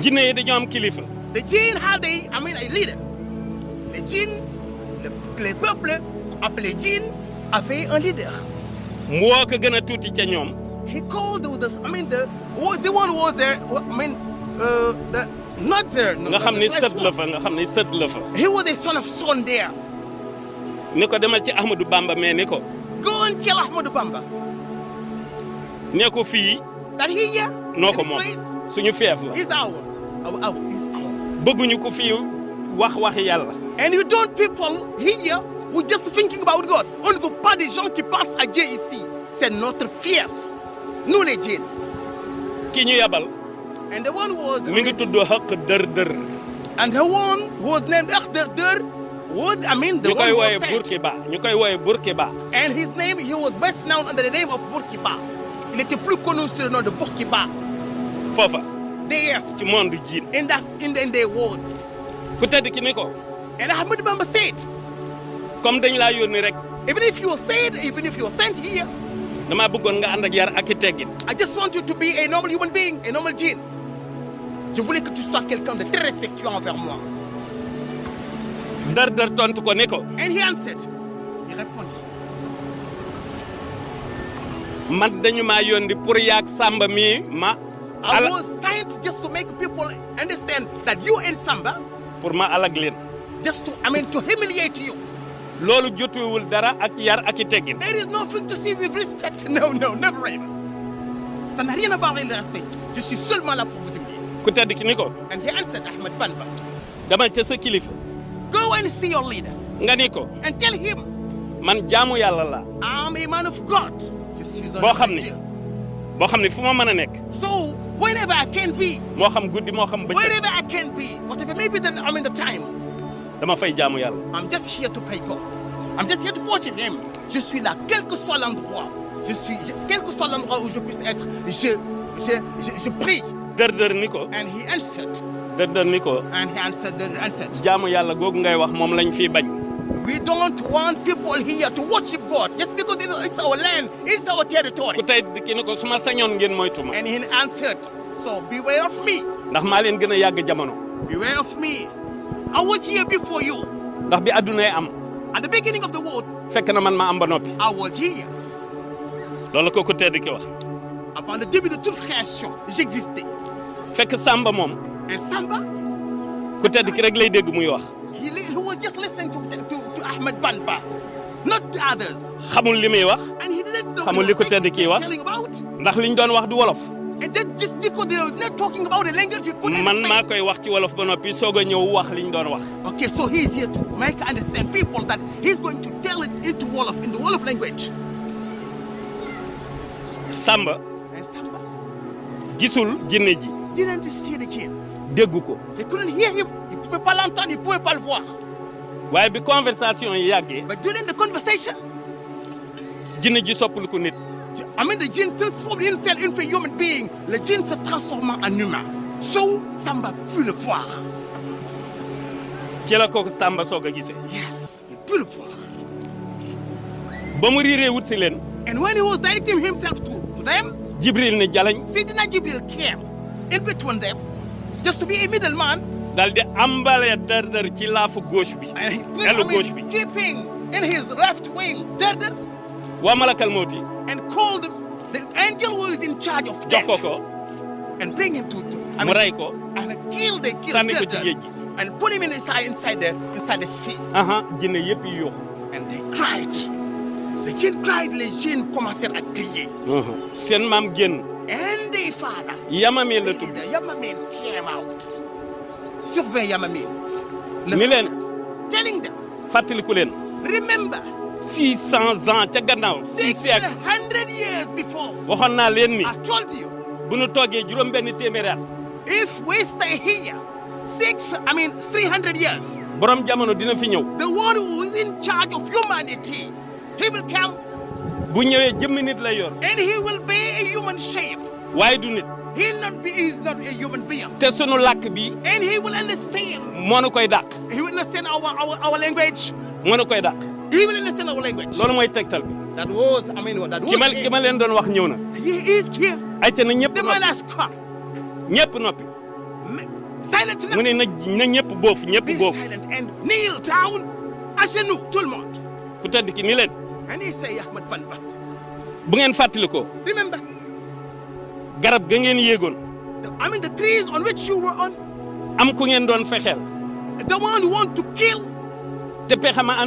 jinne yi dañoo am kilifa. the jinn had they I mean a leader les jinn le les peuples appelés jinn avaient un leader. mo ko gëna a tuuti ca ñoom. he called the I mean the the one was there I mean uh, the not there. nga xamni ne la fa nga xamni ne la fa. he was the son of son there. ni ko demal ci Ahmadou Bamba mais ni ko. go and tell Ahmadou Bamba. ne fi fii. that he here. noo ko moom suñu feef la. And you don't people here who just thinking about God. On the veut pas des gens qui passent à Dieu C'est notre fief. Nous les djinns. ki ñu And the one who was. mi ngi tudd Haq Dar Dar. And the one who was named Haq Dar Dar. Would, I mean, the you one who Burkiba. You Burkiba. And his name, he was best known under the name of Burkiba. Il était plus connu sous le nom de Burkiba. Fofa. there ci monde ji ku tedd ki ni ko and Ahmad Bamba said comme dañ laa yónni rek even if you said even if you are sent here damaa bëggoon nga ànd ak yar ak i teggin I just want you to a normal human being a normal jinn je voulais que tu sois quelqu'un de très respectueux envers moi dar dar tontu ko ni ko and he answered dañu maa yónni pour yaag Samba mii ma I, I was just to make people understand that you and Samba. pour ma alag leen. just to I mean to humiliate you. loolu jotuwul dara ak yar ak i teggin. there is nothing to see with respect. no no never ever. ça n'a rien à voir avec le respect. je suis seulement là pour vous humilier. ku tedd ki and he answered Ahmed Bamba. dama ca sa go and see your leader. Nganiko. and tell him. man jamu yàlla la. I am a man of God. boo xam ne boo xam ne fu so wherever I can be. moo xam guddi moo xam wherever I can be. whatever maybe that I'm in the time. dama fay jaamu yàlla. I'm just here to pray God. I'm just here to worship Him. Je suis là quel que soit l'endroit. Je suis quel que soit l'endroit où je puisse être. Je je je, je prie. dër-dër ni and He answered. dër-dër ni and He answered dër answered. jaamu yàlla googu ngay wax moom lañ fiy bañ. We don't want people here to worship God just because it's our land, it's our territory. And he answered, So beware of me. ndax ma len gëna yag jamono. beware of me. I was here before you. ndax bi addunay am. at the beginning of the world. fekk na man ma am ba nopi I was here. loolu kooku tedd ki wax. avant le début de toute création j'existais. fekk Samba mom et Samba. ku tedd ki rek lay deg muy wax. he was just listening to to to Ahmed banba not to others. xamul li wax. xamul liko ko tedd kii wax. ndax liñ doon wax du wolof. and then just because they are not talking about the language we put man ma, koy wax ci wolof ba noppi soog a ñëw wax li doon wax. okay so he is here to make understand people that he's going to tell it into wolof in the wolof language. Samba. Samba. gisul jinne ji. didn't see the kid. déggu they couldn't hear him. il pouvait pas l'entendre il pouvait pas le voir. waaye bi conversation yi yàggee. but during the conversation. jinne ji soppul ko nit. Amen de Dieu transforme une telle une human being. Le gene se transforme en humain. So, Samba peut le voir. ci la ko Samba soog yes il peut le voir. and when he was directing himself to them. Jibril ne Jalañ. Sidina Jibril came in between them just to be a middleman. dal the ambale dërdër the laafu gauche And he was keeping in his left wing dërdër. waa malakal mawti and called the angel who is in charge of death. and bring him to. to and mu and kill the kill. sànni and put him inside inside the inside the sea. jinne yëpp yi yuuxu. and they cried. the jinn cried les jinn commencèrent à crier. seen maam génn. and the father. Yamamil la tudd. Yamamil came out. surveille Yamamil. Milen, telling them. fàttaliku leen. remember. 600 ans ca gannaaw. 600 years before. ni. I told you. bu nu juróom benn if we stay here. six I mean 300 years. borom jamono dina fi ñëw. the one who is in charge of humanity. he will come. bu nit yor. and he will be a human shape. Why do nit. he will not be he is not a human being. te sunu bi. and he will understand. moo nu koy he will understand our our our language. moo nu koy even in understand our language. loolu moy tektal bi. that was I mean that was. ki ma ki wax ñewna he is here. te na ñëpp the man has come. ñëpp nopi silent na na na ñëpp boof ñëpp be silent and kneel down. achenu tout le monde. ku tedd ki ni len ani he say Ahmad Bamba. bu ngeen fàttalikoo. remember. garab ga ngeen yéegoon. I mean the trees on which you were on. am ku ngeen don fexel the one who want to kill. te pexama ma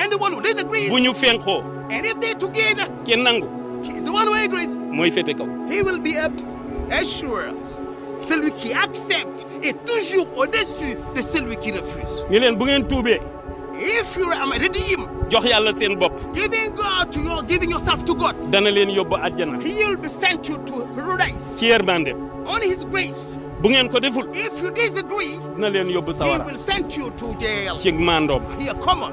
And the one who disagrees and if they together the one who agrees he will be up sure celui qui accepte est toujours au-dessus de celui qui refuse if you are redeem jox giving God to your giving yourself to God he will be sent you to paradise on his grace if you disagree he will send you to jail ci mandoom here come on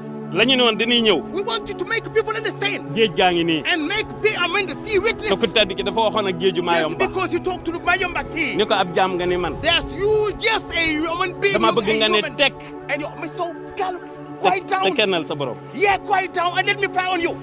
la ñu ne woon dañuy ñëw. we want you géej gaa ngi nii. and make people I mean the sea witness. ki dafa waxoon a géeju Mayomba. just because you talk to the Mayomba sea. ko ab jaam nga ni man. there's you just a human being. dama bëgg nga ne tek. and you so calm. quiet down te kennal sa borom. yeah quiet down on you.